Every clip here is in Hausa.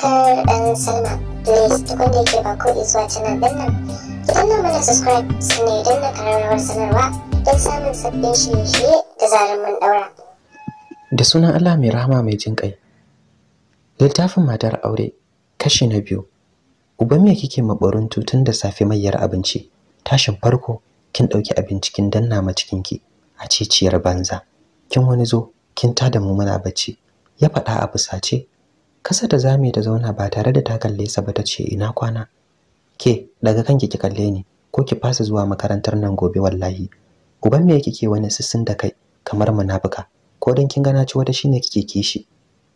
subscribe and sign up. Please tukun da yake ba ko zuwa canal din nan. Ki danna mana subscribe sannan idan na kararrawar sanarwa don samun sabbin shirye-shirye da zarar mun daura. Da sunan Allah mai rahama mai jin ƙai. Littafin matar aure kashi na biyu. Uban me kike mabarin tutun da safe mayyar abinci? Tashin farko kin ɗauki abinci kin danna ma cikinki a ciye-ciyar banza. Kin wani zo kin tada mu muna bacci. Ya faɗa a fusace kasa da zame ta zauna ba tare da ta kalle sa ba tace ina kwana ke daga kanki ki kalle ni ko ki fasa zuwa makarantar nan gobe wallahi uban me yake ke wani sissin da kai kamar munafuka ko dan kin gana ci wata shine kike kishi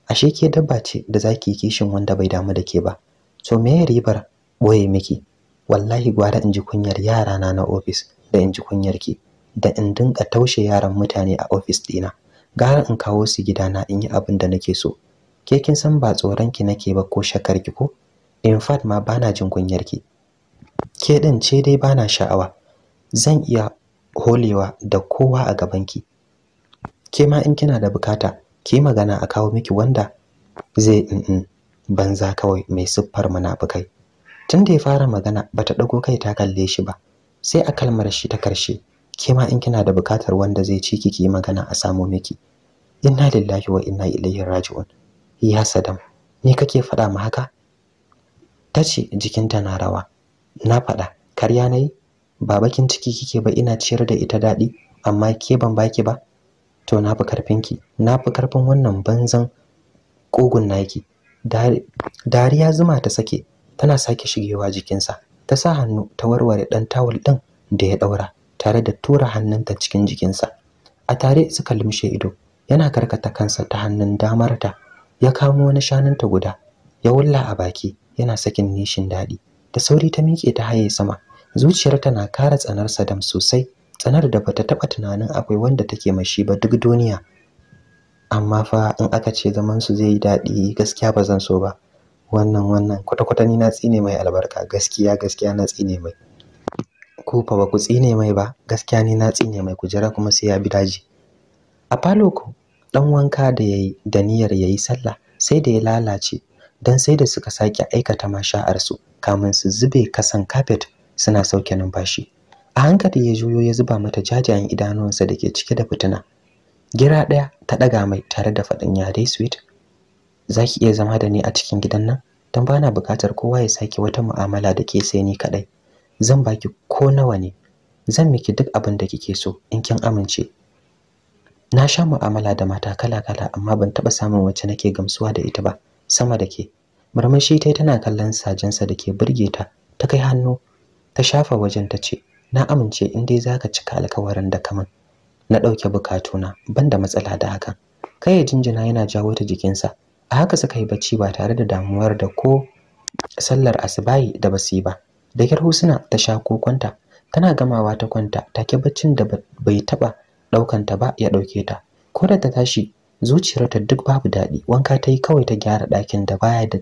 ashe ke dabba ce da zaki kishin wanda bai damu da ke ba to me ribar boye miki wallahi gwara in ji kunyar yara na na office da inji kunyar ki da in dinka taushe yaran mutane a office dina gara in kawo su gidana in yi abin da nake so ke kin san ba tsoron ki nake ba ko shakar ki ko in fact ma bana jin kunyar ki ke din ce dai bana sha'awa zan iya holewa da kowa a gaban ki ke ma in kina da bukata ki magana a kawo miki wanda zai in banza kawai mai siffar munafukai tun da ya fara magana bata dago kai ta kalle shi ba sai a kalmar shi ta karshe ke ma in kina da bukatar wanda zai ci yi magana a samu miki inna lillahi wa inna ilaihi raji'un ya sadam ni kake faɗa ma haka tace ce jikinta na rawa na faɗa karya nayi yi ba bakin ciki kike ba ina ciyar da ita daɗi amma ke ban baki ba to na fi karfinki na fi karfin wannan banzan ƙugun naki dariya zuma ta sake tana sake shigewa jikinsa ta sa hannu ta warware ɗan tawul ɗin da ya daura, tare da tura hannunta cikin jikinsa a tare suka lumshe ido yana karkata kansa ta hannun damarta ya kamo wani shanunta guda ya wulla a baki yana sakin nishin daɗi da sauri ta miƙe ta haye sama zuciyarta na kara tsanar dam sosai tsanar da bata taɓa tunanin akwai wanda take mashi ba duk duniya amma fa in aka ce zaman su zai yi daɗi gaskiya ba zan so ba wannan wannan kwata-kwata ni na tsine mai albarka gaskiya gaskiya na tsine mai ku fa ba ku tsine mai ba gaskiya ni na tsine mai kujera kuma sai ya bi daji a falo ko. dan wanka da yayi da niyyar yayi sallah sai da ya lalace dan sai da suka sake aikata masha'ar su kamin su zube kasan carpet suna sauke numfashi a hankali ya juyo ya zuba mata jajayen idanunsa da ke cike da fitina gira ɗaya ta ɗaga mai tare da faɗin ya dai sweet za iya zama da ni a cikin gidan nan don bana buƙatar kowa ya saki wata mu'amala da ke sai ni kaɗai zan baki ko nawa ne zan miki duk abin da kike so in kin amince na sha mu'amala da mata kala-kala amma ban taɓa samun wacce nake gamsuwa da ita ba sama da ke murmushi tai tana kallon sajensa da ke burge ta ta kai hannu ta shafa wajen ta ce na amince in dai zaka cika alkawarin da kaman na ɗauke bukatuna ban da matsala da hakan kai ya jinjina yana jawo ta jikinsa a haka suka yi bacci ba tare da damuwar da ko sallar asibayi da basi ba da kyar husna ta sha kokonta tana gamawa ta kwanta take baccin da bai taba ɗaukanta ba ya ɗauke ta ko da ta tashi zuciyarta duk babu daɗi wanka ta yi kawai ta gyara dakin da baya da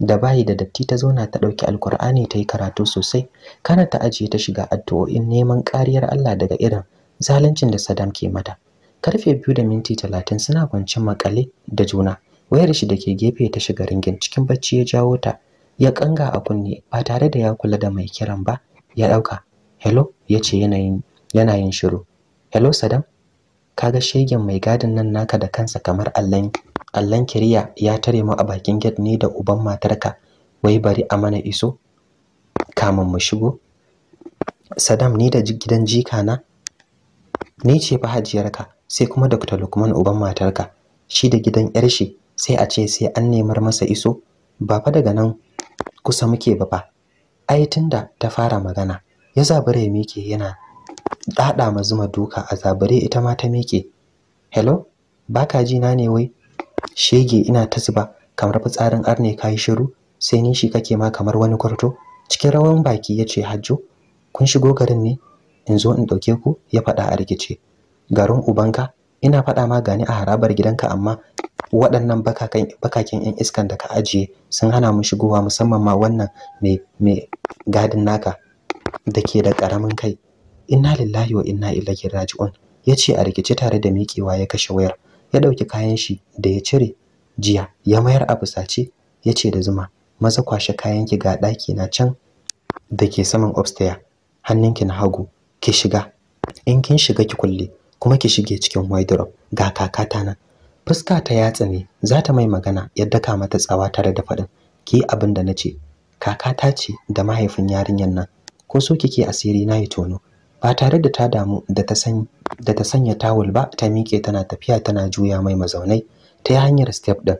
da bayi da datti ta zauna ta ɗauki alkur'ani ta yi karatu sosai kana ta ajiye ta shiga addu'o'in neman kariyar Allah daga irin zaluncin da Saddam ke mata karfe biyu da minti talatin suna kwancin makale da juna wayar shi da ke gefe ta shiga ringin cikin bacci ya jawo ta ya kanga a kunne ba tare da ya kula da mai kiran ba ya ɗauka hello ya ce yanayin yanayin shiru hello Saddam kaga shegen mai gadin nan naka da kansa kamar allan allan kiriya ya tare mu a bakin gate ne da uban matarka wai bari a mana iso kamun mu shigo Sadam ni da gidan jika na ni ce fa hajiyarka sai kuma Dr. Lukman uban matarka shi da gidan yar shi sai a ce sai an nemar masa iso ba fa daga nan kusa muke ba fa ai tunda ta fara magana ya zabure mike yana dada ma zuma duka a zabare ita ma ta miƙe hello baka ji na ne wai shege ina ta zuba kamar fitsarin arne kayi shiru sai ni shi kake ma kamar wani kwarto cikin rawan baki yace hajjo kun shigo garin ne in zo in dauke ku ya faɗa a rikice garin ubanka ina faɗa ma gani a harabar gidanka amma waɗannan bakaken 'yan iskan da ka ajiye sun hana mu shigowa musamman ma wannan mai gadin naka da ke da ƙaramin kai inna lillahi wa inna ilaihi raji'un yace a rikice tare da mikewa ya kashe wayar ya ɗauki kayan shi da ya cire jiya ya mayar a fusace yace da zuma maza kwashe kayanki ga daki na can da ke saman upstairs hannunki na hagu ki shiga in kin shiga ki kulle kuma ki shige cikin wardrobe ga kakata nan fuska ta yatsa ne za ta mai magana yadda ka mata tsawa tare da faɗin ki abin da na kakata ce da mahaifin yarinyar nan ko so kike asiri na yi tono ba tare da ta damu da ta sanya tawul ba ta miƙe tana tafiya tana juya mai mazaunai ta yi hanyar step ɗin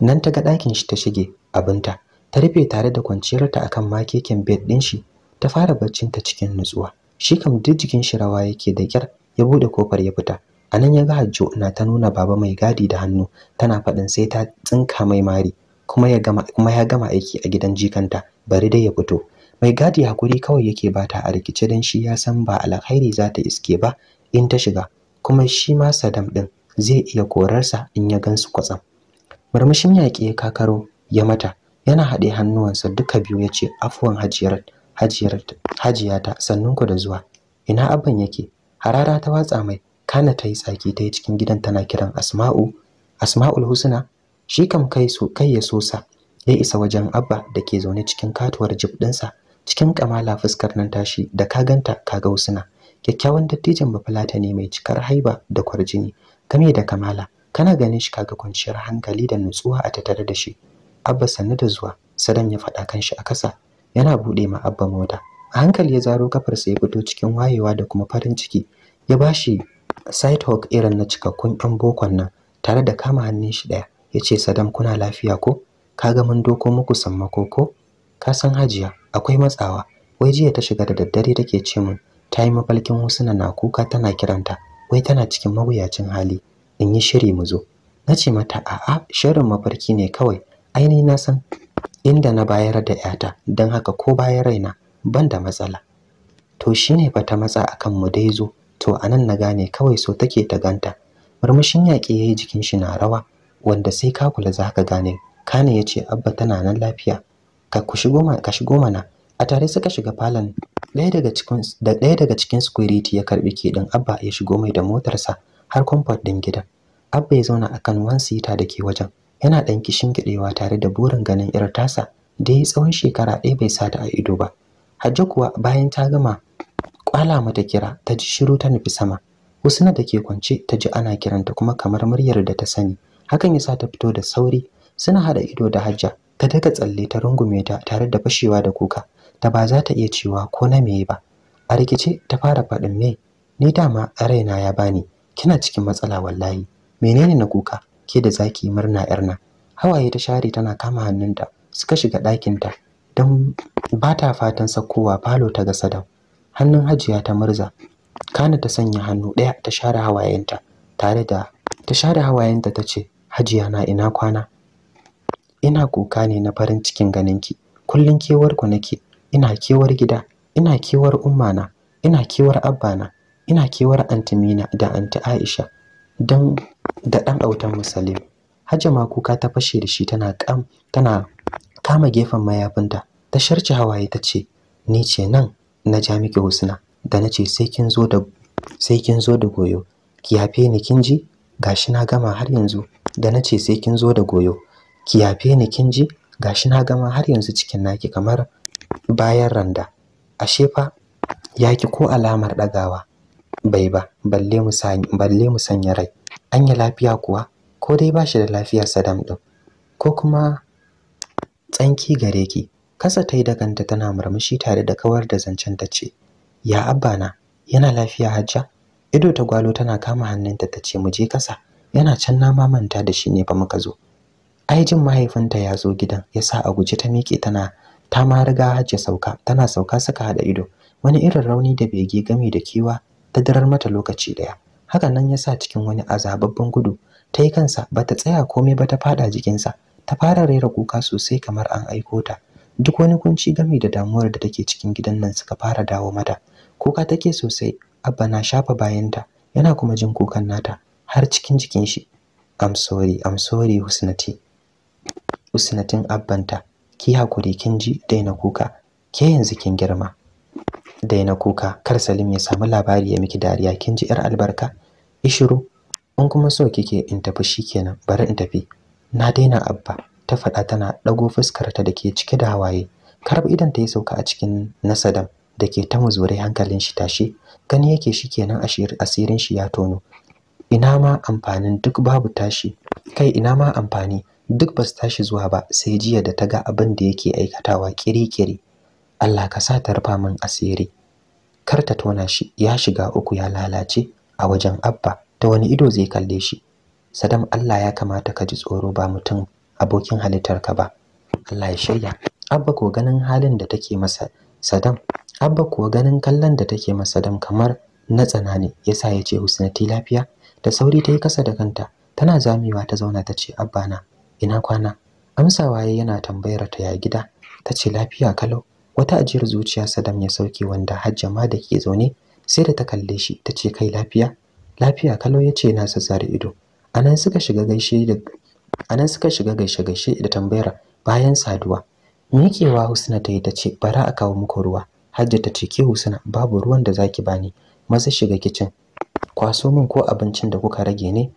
nan ta ga ɗakin shi ta shige abinta ta rufe tare da kwanciyarta akan makeken bed ɗin shi ta fara ta cikin nutsuwa shi kam duk jikin shi rawa yake da kyar ya buɗe kofar ya fita a nan ya ga hajjo na ta nuna baba mai gadi da hannu tana faɗin sai ta tsinka mai mari kuma ya gama aiki a gidan jikanta bari dai ya fito mai gadi hakuri kawai yake ta a rikice dan shi ya san ba alkhairi za ta iske ba in ta shiga kuma shi ma sadam din zai iya korarsa in ya gansu kwatsam murmushin yaƙi ya kakaro ya mata yana haɗe hannuwansa duka biyu ya ce afuwan hajiyar hajiyar hajiyata sannunku da zuwa ina abban yake harara ta watsa mai kana ta yi tsaki ta cikin gidan tana kiran asma'u asma'ul husna shi kam kai so kai ya sosa ya isa wajen abba da ke zaune cikin katuwar jib ɗinsa cikin kamala fuskar nan tashi da ka ganta ka ga usuna kyakkyawan dattijan bafalata ne mai cikar haiba da kwarjini game da kamala kana ganin shi kaga kwanciyar hankali da nutsuwa a tattare da shi abba sannu da zuwa sadan ya faɗa kan shi a kasa yana buɗe ma abba mota a hankali ya zaro kafarsa ya fito cikin wayewa da kuma farin ciki ya bashi sidehawk irin na cikakkun ɗan bokon nan tare da kama hannun shi ɗaya ya ce sadam kuna lafiya ko kaga mun doko muku sammako ko ka san hajiya akwai matsawa wai jiya ta shiga da daddare take ce min ta yi mafalkin husna na kuka tana kiranta wai tana cikin mawuyacin hali in yi shiri mu zo na ce mata a'a shirin mafarki ne kawai aini na san inda na bayar da yata don haka ko bayan raina ban da matsala to shine ba ta matsa akan mu dai zo to anan na gane kawai so take ta ganta murmushin yaƙi yi jikin shi na rawa wanda sai ka kula za ka gane kane ya ce abba tana nan lafiya ka shigo mana a tare suka shiga falon ɗaya daga cikin da ɗaya daga cikin security ya karbi keɗin abba ya shigo mai da motarsa har comfort din gida. abba ya zauna akan one seater da ke wajen yana ɗan kishin gidewa tare da burin ganin irin tasa da ya tsawon shekara ɗaya bai sata a ido ba hajja kuwa bayan ta gama kwala mata kira ta ji shiru ta nufi sama husna da ke kwance ta ji ana kiranta kuma kamar muryar da ta sani hakan ya sa ta fito da sauri suna hada ido da hajja ta daga tsalle ta rungume ta tare da fashewa da kuka ta ba za ta iya cewa ko na meye ba a rikice ta fara faɗin me ni dama raina ya bani kina cikin matsala wallahi menene na kuka ke da zaki murna yarna hawaye ta share tana kama hannunta suka shiga ɗakinta don ba ta fatan sakkowa falo ta ga sadau hannun hajiya ta murza kana ta sanya hannu ɗaya ta share hawayenta tare da ta share hawayenta ta ce hajiya na ina kwana ina kuka ne na farin cikin ganin ki. kullun kewar ku nake ina kewar gida ina kewar umma na. ina kewar abba na. ina kewar antimina da anti Aisha dan da dan autan Musalim Hajama kuka ta fashe da shi tana kam tana kama gefen mayafinta ta sharci hawaye ta ce ni ce nan na ja miki husna da na ce sai kin zo da sai kin zo da goyo ki yafe ni kin ji gashi na gama har yanzu da na ce sai kin zo da goyo ki yafe ni kin ji gashi na gama har yanzu cikin naki kamar bayan randa ashe fa yaki ko alamar dagawa bai ba balle mu sanya balle mu sanya rai anya lafiya kuwa ko dai ba shi da lafiya sadam din ko kuma tsanki gare ki kasa tai da kanta tana murmushi tare da kawar da zancen ta ce ya abbana yana lafiya hajja ido ta gwalo tana kama hannunta ta ce mu je kasa yana can na manta da shi ne fa muka zo ai jin mahaifinta ya zo gidan ya sa a guje ta miƙe tana ta ma riga hajja sauka tana sauka suka haɗa ido wani irin rauni da bege gami da kewa ta darar mata lokaci ɗaya Haka nan ya sa cikin wani azababban gudu ta yi kansa ba ta tsaya komai ba ta faɗa jikinsa ta fara rera kuka sosai kamar an aiko ta duk wani kunci gami da damuwar da take cikin gidan nan suka fara dawo mata kuka take sosai abba na shafa bayanta yana kuma jin kukan nata har cikin jikin shi I'm sorry, I'm sorry Husnati. Usnatin abbanta ki hakuri kin ji daina kuka ke yanzu kin girma daina kuka kar Salim ya samu labari ya miki dariya kin ji yar albarka ishiru in kuma so kike in tafi shikenan bari in tafi na daina abba ta faɗa tana ɗago fuskarta da ke cike da hawaye karab idan ta yi sauka a cikin nasadam da ke ta muzure hankalin shi tashi gani yake shi kenan asirin shi ya tono ina ma amfanin duk babu tashi kai ina ma amfani duk ba su tashi zuwa ba sai jiya da ta ga abin da yake aikatawa kirikiri Allah ka sa ta rufa min asiri kar ta tona shi ya shiga uku ya lalace a wajen abba ta wani ido zai kalle shi sadam Allah ya kamata ka ji tsoro ba mutum abokin halittar ka ba Allah ya shirya abba ko ganin halin da take masa sadam abba ko ganin kallon da take masa sadam kamar na tsana ne yasa ya ce husnati lafiya da sauri ta yi kasa da kanta tana zamewa ta zauna ta ce abba na ina kwana amsawa yayi yana tambayar ta ya gida tace lafiya kalau wata ajiyar zuciya Sadam ya sauke wanda Hajjama da ke zaune sai da ta kalle shi tace kai lafiya lafiya kalau yace na sassare ido anan suka shiga gaishe da anan suka shiga gaishe gaishe da tambayar bayan saduwa miƙewa Husna ta yi tace bara a kawo muku ruwa Hajja tace ke Husna babu ruwan da zaki bani maza shiga kicin kwaso min ko abincin da kuka rage ne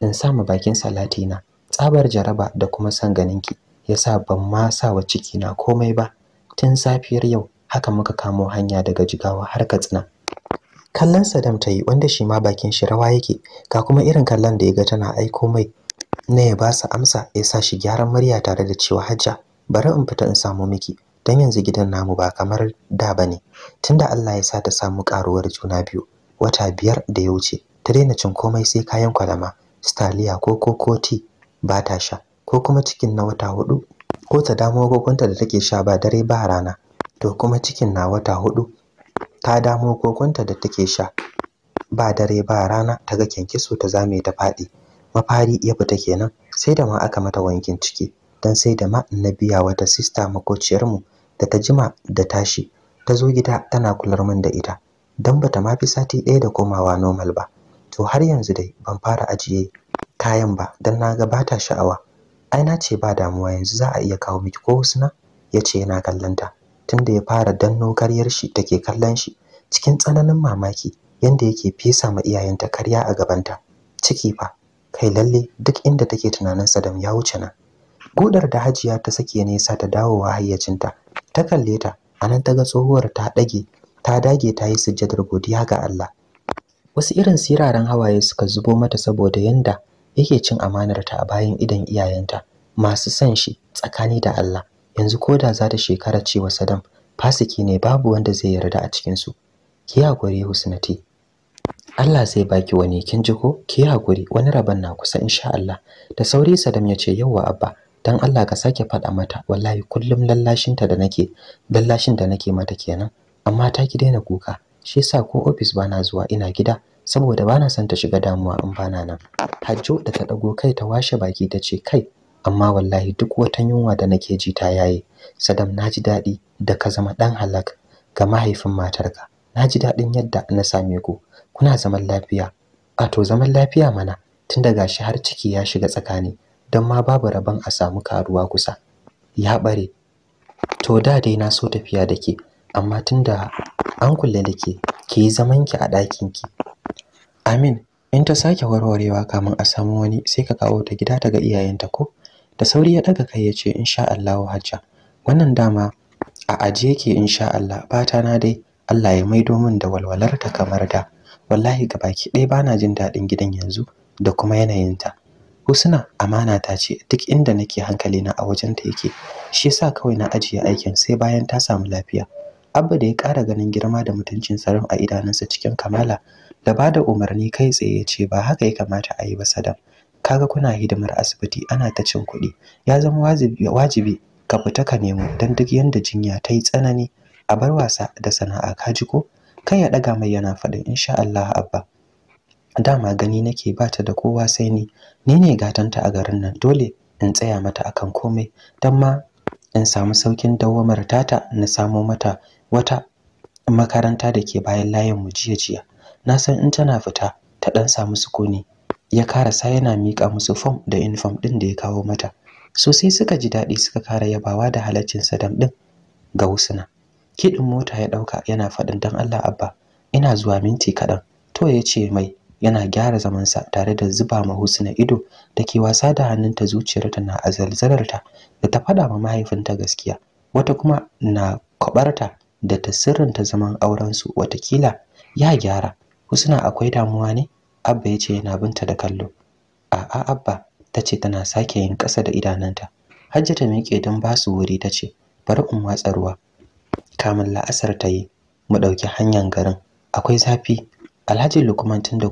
in sa ma bakin salati na tsabar jaraba da kuma son ganinki yasa ban ma ciki na komai ba tun safiyar yau haka muka kamo hanya daga jigawa har katsina kallon sadam ta yi wanda shi ma bakin shi rawa yake ga kuma irin kallon da ya ga tana aiko mai na ya ba su amsa ya sa shi gyaran murya tare da cewa hajja bari in fita in samu miki don yanzu gidan namu ba kamar da ba ne tunda Allah ya sa ta samu karuwar juna biyu wata biyar da ya wuce ta daina cin komai sai kayan kwalama staliya ko kokoti. ba ta sha ko kuma cikin na wata hudu ko ta damu gogonta da take sha ba dare ba rana to kuma cikin na wata hudu ta damo gogonta da take sha ba dare ba rana ta ga kyankyaso ta zame ta faɗi mafari ya fita kenan sai da ma aka mata wankin ciki dan sai da ma na biya wata sista mu da ta jima da tashi ta zo gida tana kular min da ita dan bata ma fi sati ɗaya da komawa normal ba to har yanzu dai ban fara ajiye kayan ba dan na ga bata sha'awa ai na ce ba damuwa yanzu za a iya kawo miki ko husna ya ce yana kallonta tunda ya fara danno karyar shi take kallon shi cikin tsananin mamaki yanda yake fesa ma iyayenta karya a gabanta ciki fa kai lalle duk inda take tunanin Sadam ya wuce na. gudar da hajiya ta sake nesa ta dawowa hayyacinta ta kalle ta anan ta ga tsohuwar ta dage ta dage ta yi sujjadar godiya ga Allah wasu irin siraran hawaye suka zubo mata saboda yanda yake cin amanarta a bayan idan iyayenta masu son shi tsakani da Allah yanzu koda za ta shekara cewa Saddam fasiki ne babu wanda zai yarda a cikin su ki hakuri Husnati Allah zai baki wani kin ji ko ki hakuri wani rabon na kusa insha Allah da sauri Saddam ya ce yawwa abba dan Allah ka sake faɗa mata wallahi kullum lallashinta da nake lallashin da nake mata kenan amma ta ki daina kuka shi yasa ko office bana zuwa ina gida saboda bana son ta shiga damuwa in bana nan hajjo da ta dago kai ta washe baki ta ce kai amma wallahi duk wata yunwa da nake ji ta yaye sadam naji daɗi da ka zama dan halak ga mahaifin matarka naji daɗin yadda na same ku kuna zaman lafiya a to zaman lafiya mana tun da gashi har ciki ya shiga tsakani don ma babu rabon a samu karuwa kusa ya bare to da dai na so tafiya da ke amma tun da an kulle da ke ki yi zaman ki a ɗakin ki amin in ta sake warwarewa kamun a samu wani sai ka kawo ta gida daga iyayenta ko da sauri ya ɗaga kai ya ce insha Allah hajja wannan dama a aje ke insha Allah fata na dai Allah ya maido min da walwalarta kamar da wallahi ga baki ɗaya bana jin daɗin gidan yanzu da kuma yanayinta Husna amana ta ce duk inda nake hankalina a wajenta yake shi yasa kawai na ajiye aikin sai bayan ta samu lafiya abba da ya ƙara ganin girma da mutuncin saram a idanunsa cikin kamala da ba da umarni kai tsaye ya ce ba haka ya kamata a yi ba sadam kaga kuna hidimar asibiti ana ta cin kuɗi ya zama wajibi ka fita ka nemo don duk yadda jinya ta yi tsanani a bar wasa da sana'a ka ji ko kai ya ɗaga mai yana faɗin insha Allah abba dama gani nake ba ta da kowa sai ni ni ne gatanta a garin nan dole in tsaya mata akan komai don ma in samu saukin dawwamar tata na samo mata wata makaranta da ke bayan layin mu jiya jiya na san in tana fita ta dan samu sukuni ya karasa yana mika musu form da uniform din da ya kawo mata sosai suka ji daɗi suka kara yabawa da halaccin sadam din ga husna kidin mota ya dauka yana faɗin dan Allah abba ina zuwa minti kaɗan to ya ce mai yana gyara zaman sa tare da zuba ma husna ido da ke wasa da hannunta zuciyarta na azalzalarta da ta faɗa ma mahaifinta gaskiya wata kuma na kwabarta da ta ta zaman aurensu watakila ya gyara husna akwai damuwa ne abba ya ce yana binta da kallo a'a abba ta ce tana sake yin ƙasa da idananta hajja ta miƙe don ba su wuri ta ce bari in watsa ruwa kamin la'asar ta yi mu ɗauki hanyar garin akwai zafi alhaji lukman tun da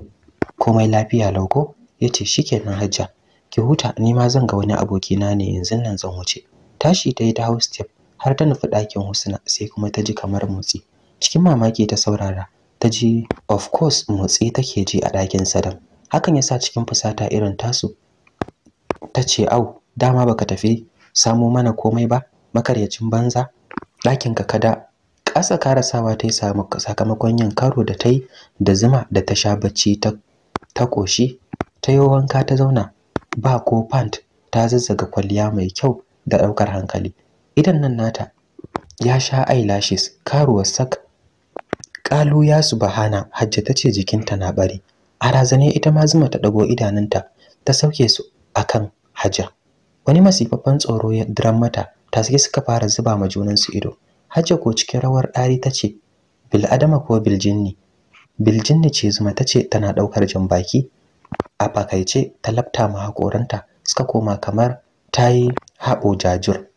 komai lafiya lauko ya ce shikenan hajja ki huta ni ma zan ga wani abokina ne yanzu nan zan wuce tashi ta yi ta hau step har ta nufi ɗakin Husna sai kuma ta ji kamar motsi. Cikin mamaki ta saurara, ta ji of course motsi take ji a ɗakin Sadam. Hakan yasa cikin fusata irin tasu ta ce au dama baka tafi samo mana komai ba makaryacin banza ɗakin ka kada ƙasa karasawa ta yi sakamakon yin karo da ta yi da zuma da ta sha bacci ta ƙoshi ta yi wanka ta zauna ba ko pant ta zazzaga kwalliya mai kyau da ɗaukar hankali idan nan nata ya sha eyelashes karuwar sak kalu ya subhana hajja tace jikinta na bari a razane ita ma zuma ta dago idanunta ta sauke su akan hajja wani masifaffan tsoro ya diran mata sike suka fara zuba ma junansu ido hajja ko cikin rawar ɗari tace bil adama ko bil jinni bil jinni ce zuma tace tana daukar janbaki. a fakaice ta lafta ma hakoranta suka koma kamar tayi haɓo jajur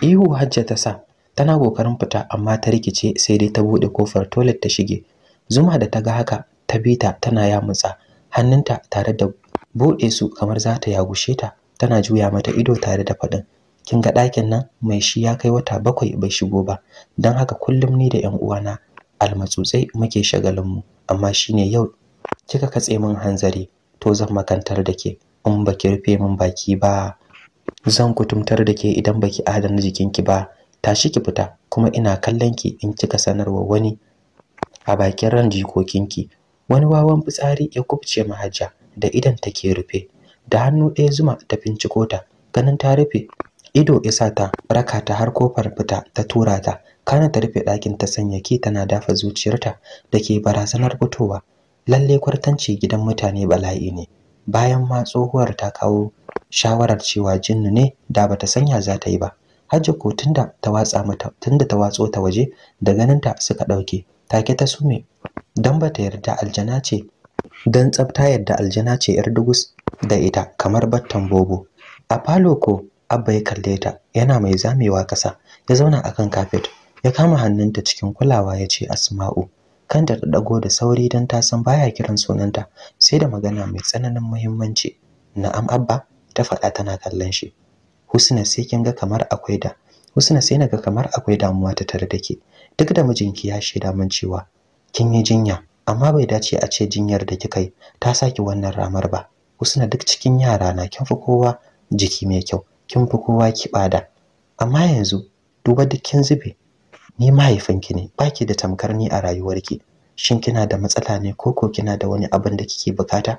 ihu hajja ta sa tana kokarin fita amma ta rikice sai dai ta bude kofar toilet ta shige zuma da ta ga haka ta bi ta tana yamutsa hannunta tare da bude su kamar za ta yagushe ta tana juya mata ido tare da faɗin kin ga ɗakin nan mai shi ya kai wata bakwai bai shigo ba don haka kullum ni da 'yan uwana almatsutsai muke shagalinmu amma shine yau kika katse min hanzari to zan makantar da ke in baki rufe min baki ba zan kutumtar da ke idan baki adana jikin ki ba tashi ki fita kuma ina kallon ki in kika sanarwa wani a bakin ran jikokin ki. wani wawan fitsari ya kubce mahajja da idan take rufe da hannu ɗaya zuma ta finciko ta ganin ta rufe ido isa ta raka ta har kofar fita ta tura ta kana ta rufe ɗakin ta sanya ki tana dafa zuciyarta da ke barazanar fitowa lalle kwartanci gidan mutane bala'i ne bayan ma tsohuwar ta kawo shawarar cewa jinnu ne da bata sanya za ta yi ba hajji ko tunda ta watsa mata tunda ta watso ta waje da ganinta suka dauke take ta sume dan bata yarda aljana ce dan tsafta yarda aljana ce yar dugus da ita kamar battan bobo a falo ko abba ya kalle ta yana mai zamewa kasa ya zauna akan kafet ya kama hannunta cikin kulawa ya ce asma'u kanta ta dago da sauri dan ta san baya kiran sunanta sai da magana mai tsananin muhimmanci na'am abba ta faɗa tana kallon shi Husna sai kin ga kamar akwai da Husna sai naga kamar akwai damuwa ta tare duk da mijinki ya shaida min cewa kin yi jinya amma bai dace a ce jinyar da kika yi ta saki wannan ramar ba Husna duk cikin yara na kin fi kowa jiki mai kyau kin fi kowa kibada amma yanzu duba duk kin zube ni mahaifinki ne baki da tamkar ni a rayuwarki shin kina da matsala ne ko ko kina da wani abin da kike bukata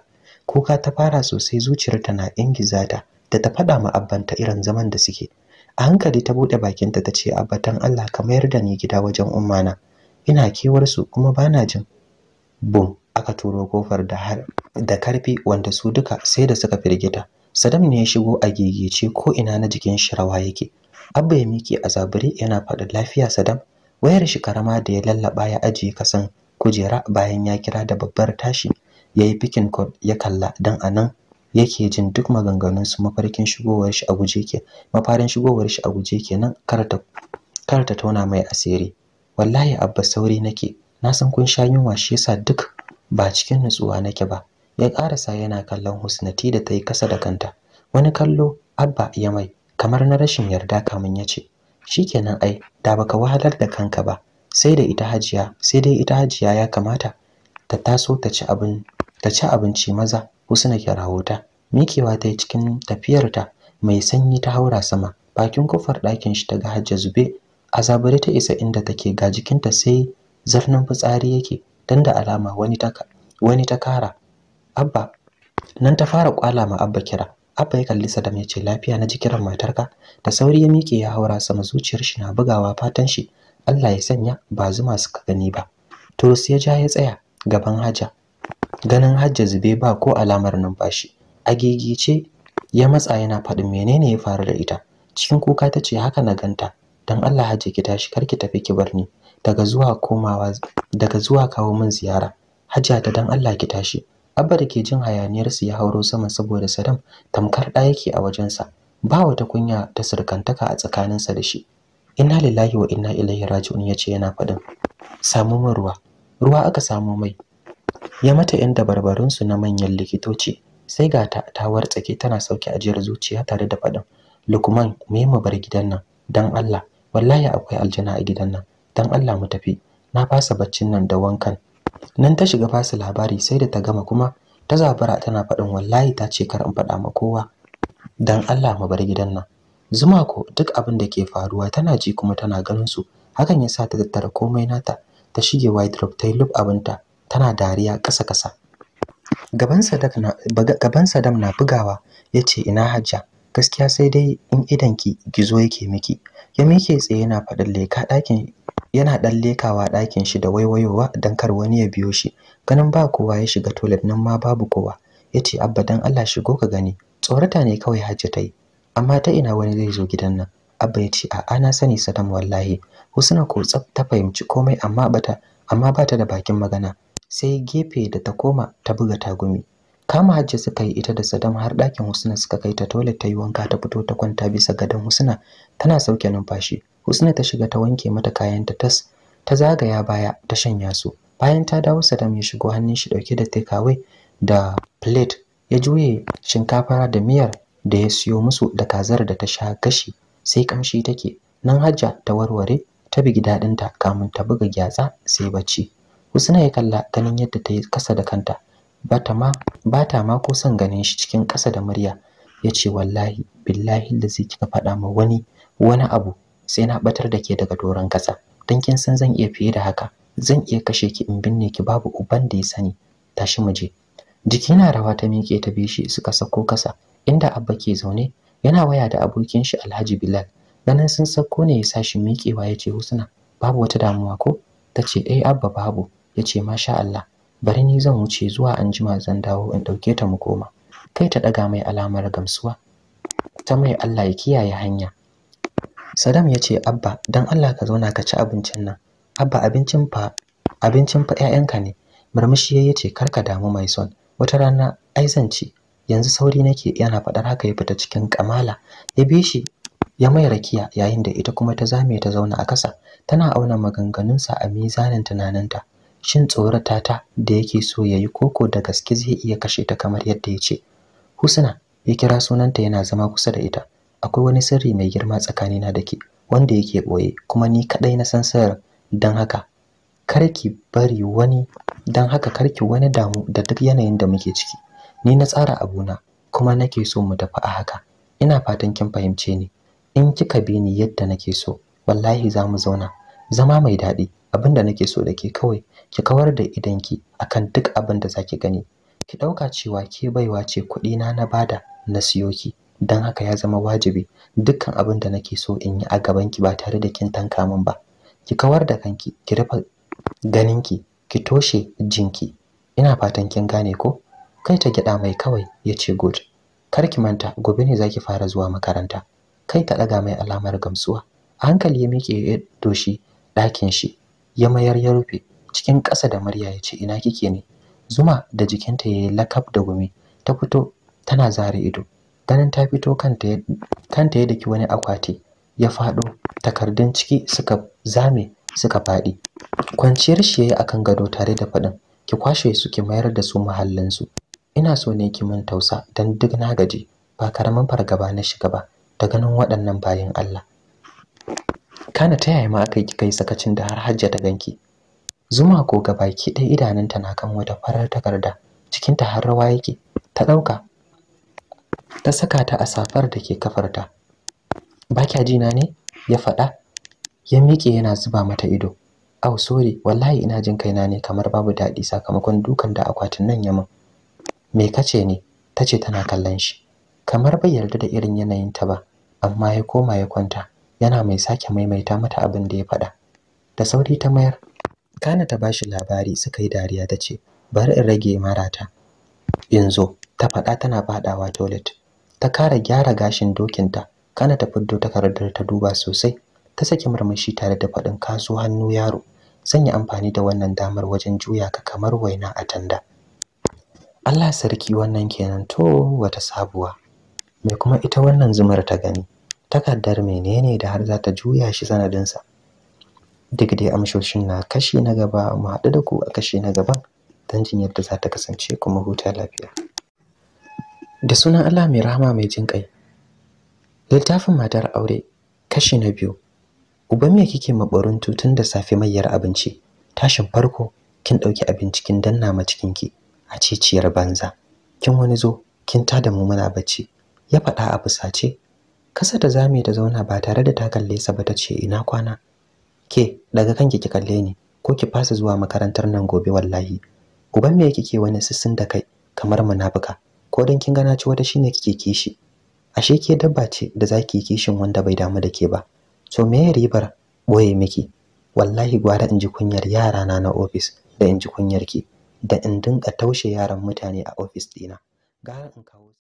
kuka ta fara sosai zuciyarta na ingiza ta da ta faɗa ma abbanta irin zaman da suke a hankali ta buɗe bakinta ta ce abba dan Allah ka mayar da ni gida wajen ummana ina kewar su kuma bana jin bum aka turo kofar da har da karfi wanda su duka sai da suka firgita Sadam ne ya shigo a gegece ko ina na jikin shi rawa yake abba ya miki a yana faɗa lafiya Sadam wayar shi karama da ya lallaba ya ajiye kasan kujera bayan ya kira da babbar tashi ya yi fikin kod ya kalla dan a nan yake jin duk maganganunsu mafarkin shigowar shi a guje ke mafarin shigowar shi a guje kenan karta karta tona mai asiri wallahi abba sauri nake na san kun sha yunwa shi yasa duk ba cikin nutsuwa nake ba ya karasa yana kallon husnati da ta kasa da kanta wani kallo abba ya mai kamar na rashin yarda kamun ya ce shikenan ai da baka wahalar da kanka ba sai da ita hajiya sai dai ita hajiya ya kamata ta taso ta ci abin ta ci abinci maza Husna kirawo ta mikewa ta yi cikin tafiyarta mai sanyi ta haura sama bakin kofar ɗakin shi ta ga Hajja Zube azabare ta isa inda take ga jikinta sai zarnan fitsari yake dan da alama wani ta wani ta kara abba nan ta fara kwala ma abba kira abba ya kalli Sadam ya ce lafiya na ji kiran matarka da sauri ya mike ya haura sama zuciyar shi na bugawa fatan shi Allah ya sanya ba zuma suka gani ba to ya ja ya tsaya gaban Hajja ganin hajja zube ba ko alamar numfashi ce ya matsa yana faɗin menene ya faru da ita cikin kuka ta ce haka na ganta don allah hajji ki tashi kar ki tafi ki bar ni daga zuwa daga zuwa kawo min ziyara hajja ta don allah ki tashi abba da ke jin hayaniyar su ya hauro sama saboda sadam tamkar ɗa yake a wajensa ba wata kunya ta surkantaka a tsakaninsa da shi Ina lillahi wa inna ilaihi raji'un yace yana faɗin samu min ruwa ruwa aka samu mai ya mata yan dabarbarunsu na manyan likitoci sai ga ta ta wartsake tana sauke ajiyar zuciya tare da faɗin lukman me mu bar gidan nan dan Allah wallahi akwai aljana a gidan nan dan Allah mu tafi na fasa baccin nan da wankan nan ta shiga fasa labari sai da ta gama kuma ta zabara tana faɗin wallahi ta ce kar in faɗa ma kowa dan Allah mu bar gidan nan zuma ko duk abin da ke faruwa tana ji kuma tana ganin su hakan yasa ta tattara komai nata ta shige white rock ta yi abinta tana dariya ƙasa-ƙasa gaban sadam na bugawa ya ce ina hajja gaskiya sai dai in idanki gizo yake miki ya mike tsaye yana faɗin leka ɗakin yana ɗan lekawa ɗakin shi da waiwayowa don kar wani ya biyo shi ganin ba kowa ya shiga toilet nan ma babu kowa ya ce abba don allah shigo ka gani tsorata ne kawai hajji ta yi amma ta ina wani zai zo gidan nan abba ya ce a'a na sani sadam wallahi husna ko tsaf ta fahimci komai amma ba amma bata da bakin magana sai gefe da ta koma ta buga tagumi kama hajji suka yi ita da sadam har ɗakin husna suka kai ta toilet ta yi wanka ta fito ta kwanta bisa gadon husna tana sauke numfashi husna ta shiga ta wanke mata kayanta tas ta zagaya baya ta shanya su bayan ta dawo sadam ya shigo hannun shi dauke da takeaway da plate ya juye shinkafa da miyar da ya siyo musu da kazar da ta sha gashi sai kamshi take nan hajja ta warware ta bigi daɗinta kamun ta buga gyatsa sai bacci Husna ya kalla ganin yadda ta yi kasa da kanta. Bata ma bata ma ko son ganin shi cikin kasa da murya. Yace wallahi billahi da zai kika faɗa ma wani wani abu sai na batar da ke daga doron kasa. Dan kin san zan iya fiye da haka. Zan iya kashe ki in binne ki babu uban da ya sani. Tashi mu je. Jiki na rawa ta miƙe ta bi shi suka sako kasa inda Abba ke zaune yana waya da abokin shi Alhaji Bilal. Ganin sun sako ne ya sashi miƙewa yace Husna babu wata damuwa ko? Tace eh Abba babu. ya ce masha Allah bari ni zan wuce zuwa anjima zan dawo in ɗauke ta mu koma kai ta ɗaga mai alamar gamsuwa ta mai Allah ya kiyaye hanya Sadam ya ce abba dan Allah ka zauna ka ci abincin nan abba abincin fa abincin fa ƴaƴanka ne murmushi ya ce karka damu mai son wata rana ai zan ci yanzu sauri nake yana faɗar haka ya fita cikin kamala ya bi shi ya mai rakiya yayin da ita kuma ta zame ta zauna a kasa tana auna maganganunsa a mizanin tunaninta shin tsorata ta da yake so ya yi koko da gaske zai iya kashe ta kamar yadda ya ce husna ya kira sunanta yana zama kusa da ita akwai wani sirri mai girma tsakanina da ke wanda yake ɓoye kuma ni kadai na san sirrin dan haka karki bari wani dan haka karki wani damu da duk yanayin da muke ciki ni na tsara abuna kuma nake so mu tafi a haka ina fatan kin fahimce ni in kika bi ni yadda nake so wallahi za mu zauna zama mai daɗi abinda nake so da ke kawai ki kawar da idan idanki akan duk abin da zaki gani ki dauka cewa ke baiwa ce kuɗi na na bada na siyo ki dan haka ya zama wajibi dukkan abin da nake so in yi a gaban ki ba tare da kin tanka min ba ki kawar da kanki ki rufe ganinki ki toshe jinki ina fatan kin gane ko kai ta gida mai kawai ya ce good kar ki manta gobe ne zaki fara zuwa makaranta kai ta daga mai alamar gamsuwa hankali ya miƙe ya doshi ɗakin shi ya mayar ya rufe cikin ƙasa da murya ya ce ina kike ne zuma da jikinta ya yi lakab da gumi ta fito tana zare ido ganin ta fito kanta kanta ya daki wani akwati ya faɗo takardun ciki suka zame suka faɗi kwanciyar shi yayi akan gado tare da faɗin ki kwashe su ki mayar da su mahallinsu ina so ne ki mun tausa dan duk na gaji ba karaman fargaba na shiga ba da ganin waɗannan bayin Allah kana ta yaya ma aka yi kai sakacin da har hajja ta ganki Zuma ko gabaki ɗaya idanunta na kan wata farar takarda, cikinta har rawa yake. Ta ɗauka, ta saka ta a safar da ke kafarta. Ba kya jina ne? Ya faɗa. Ya miƙe yana zuba mata ido. Au sorry, wallahi ina jin kaina ne kamar babu daɗi sakamakon dukan da akwatin nan yamin. Me kace ne? Tace tana kallon shi. Kamar bai yarda da irin yanayin ta ba, amma ya koma ya kwanta, yana mai sake maimaita mata abin da ya faɗa. Da sauri ta mayar, Kana ta bashi labari suka yi dariya ta ce, bari in rage marata. In zo ta faɗa tana faɗawa toilet. Ta kara gyara gashin dokinta, kana ta fiddo takardar ta duba sosai, ta saki murmushi tare da faɗin kaso hannu yaro. Sanya amfani da wannan damar wajen juya ka kamar waina a tanda. Allah sarki wannan kenan to wata sabuwa. Me kuma ita wannan zumar ta gani? Takardar menene da har za ta juya shi sanadinsa? duk dai amshoshin na kashi na gaba mu haɗu da ku a kashi na gaban don jin yadda za ta kasance kuma huta lafiya da sunan Allah mai rahama mai jin ƙai littafin matar aure kashi na biyu uba me kike mabaruntu tutun da safe mayyar abinci tashin farko kin ɗauki abinci kin danna ma cikinki a ciciyar banza kin wani zo kin tada mu muna bacci ya faɗa a fusace kasa da zame ta zauna ba tare da ta kalle sa ba ta ce ina kwana ke daga kanki ki kalle ni ko ki fasa zuwa makarantar nan gobe wallahi uban me yake ke wani sissin da kai kamar munafuka ko dan kin gana ci wata shine kike kishi ashe ke dabba ce da zaki kishin wanda bai damu da ke ba to me ribar boye miki wallahi gwara in ji kunyar yara na na office da inji ji kunyar ki da in dinka taushe yaran mutane a office dina gara in kawo